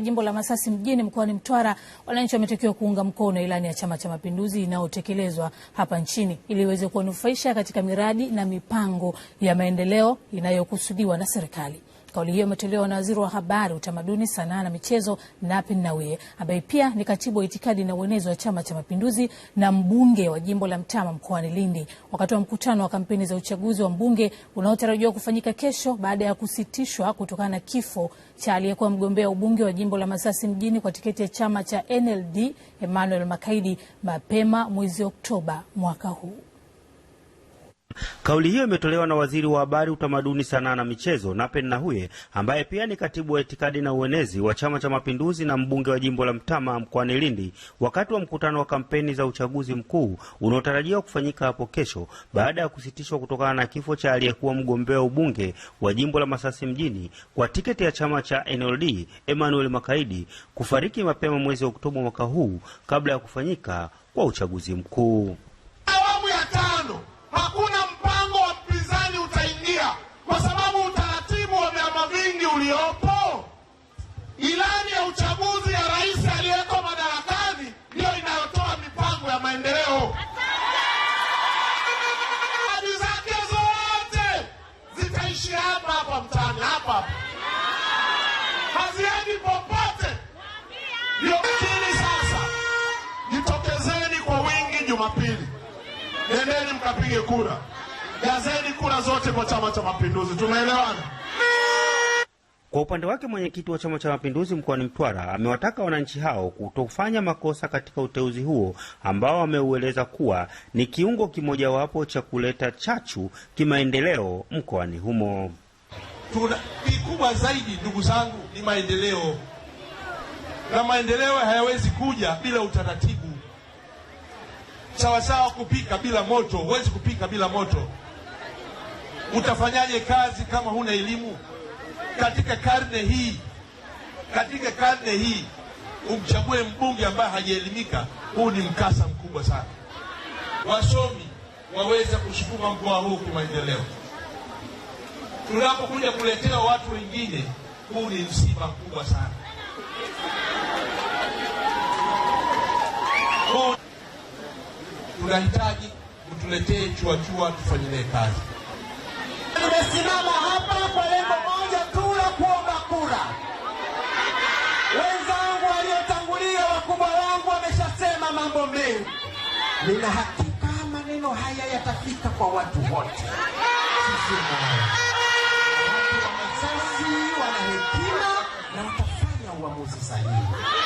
Jimbo la Masasi mjini mkoani Mtwara, wananchi wametakiwa kuunga mkono ilani ya Chama cha Mapinduzi inayotekelezwa hapa nchini ili iweze kuwanufaisha katika miradi na mipango ya maendeleo inayokusudiwa na serikali. Kauli hiyo imetolewa na waziri wa habari, utamaduni, sanaa na michezo Nape Nnauye ambaye pia ni katibu wa itikadi na uenezi wa Chama cha Mapinduzi na mbunge wa jimbo la Mtama mkoani Lindi wakati wa mkutano wa kampeni za uchaguzi wa mbunge unaotarajiwa kufanyika kesho baada ya kusitishwa kutokana na kifo cha aliyekuwa mgombea ubunge wa jimbo la Masasi mjini kwa tiketi ya chama cha NLD Emmanuel Makaidi mapema mwezi Oktoba mwaka huu. Kauli hiyo imetolewa na waziri wa habari, utamaduni, sanaa na michezo Napen Nnauye ambaye pia ni katibu wa itikadi na uenezi wa Chama cha Mapinduzi na mbunge wa jimbo la Mtama mkoani Lindi wakati wa mkutano wa kampeni za uchaguzi mkuu unaotarajiwa kufanyika hapo kesho baada ya kusitishwa kutokana na kifo cha aliyekuwa mgombea ubunge wa jimbo la Masasi mjini kwa tiketi ya chama cha NLD Emmanuel Makaidi kufariki mapema mwezi Oktoba mwaka huu kabla ya kufanyika kwa uchaguzi mkuu. maendeleo. Hadi zake zote zitaishi hapa hapa mtaani hapa haziendi popote. Ndiokini sasa, jitokezeni kwa wingi Jumapili, nendeni mkapige kura, jazeni kura zote kwa Chama cha Mapinduzi. Tunaelewana? Kwa upande wake mwenyekiti wa Chama cha Mapinduzi mkoani Mtwara amewataka wananchi hao kutofanya makosa katika uteuzi huo ambao ameueleza kuwa ni kiungo kimojawapo cha kuleta chachu kimaendeleo mkoani humo. Tuna kikubwa zaidi, ndugu zangu, ni maendeleo, na maendeleo hayawezi kuja bila utaratibu. Sawasawa, kupika bila moto, huwezi kupika bila moto. Utafanyaje kazi kama huna elimu? katika karne hii, katika karne hii umchague mbunge ambaye hajaelimika, huu ni mkasa mkubwa sana. Wasomi waweze kusukuma mkoa huu kimaendeleo. Tunapokuja kuletea watu wengine, huu ni msiba mkubwa sana. Tunahitaji kutuletee chuachua, tufanyie kazi. Tumesimama nina haki. Kama maneno haya yatafika kwa watu wote, sisi watu wa wana hekima na watafanya uamuzi sahihi.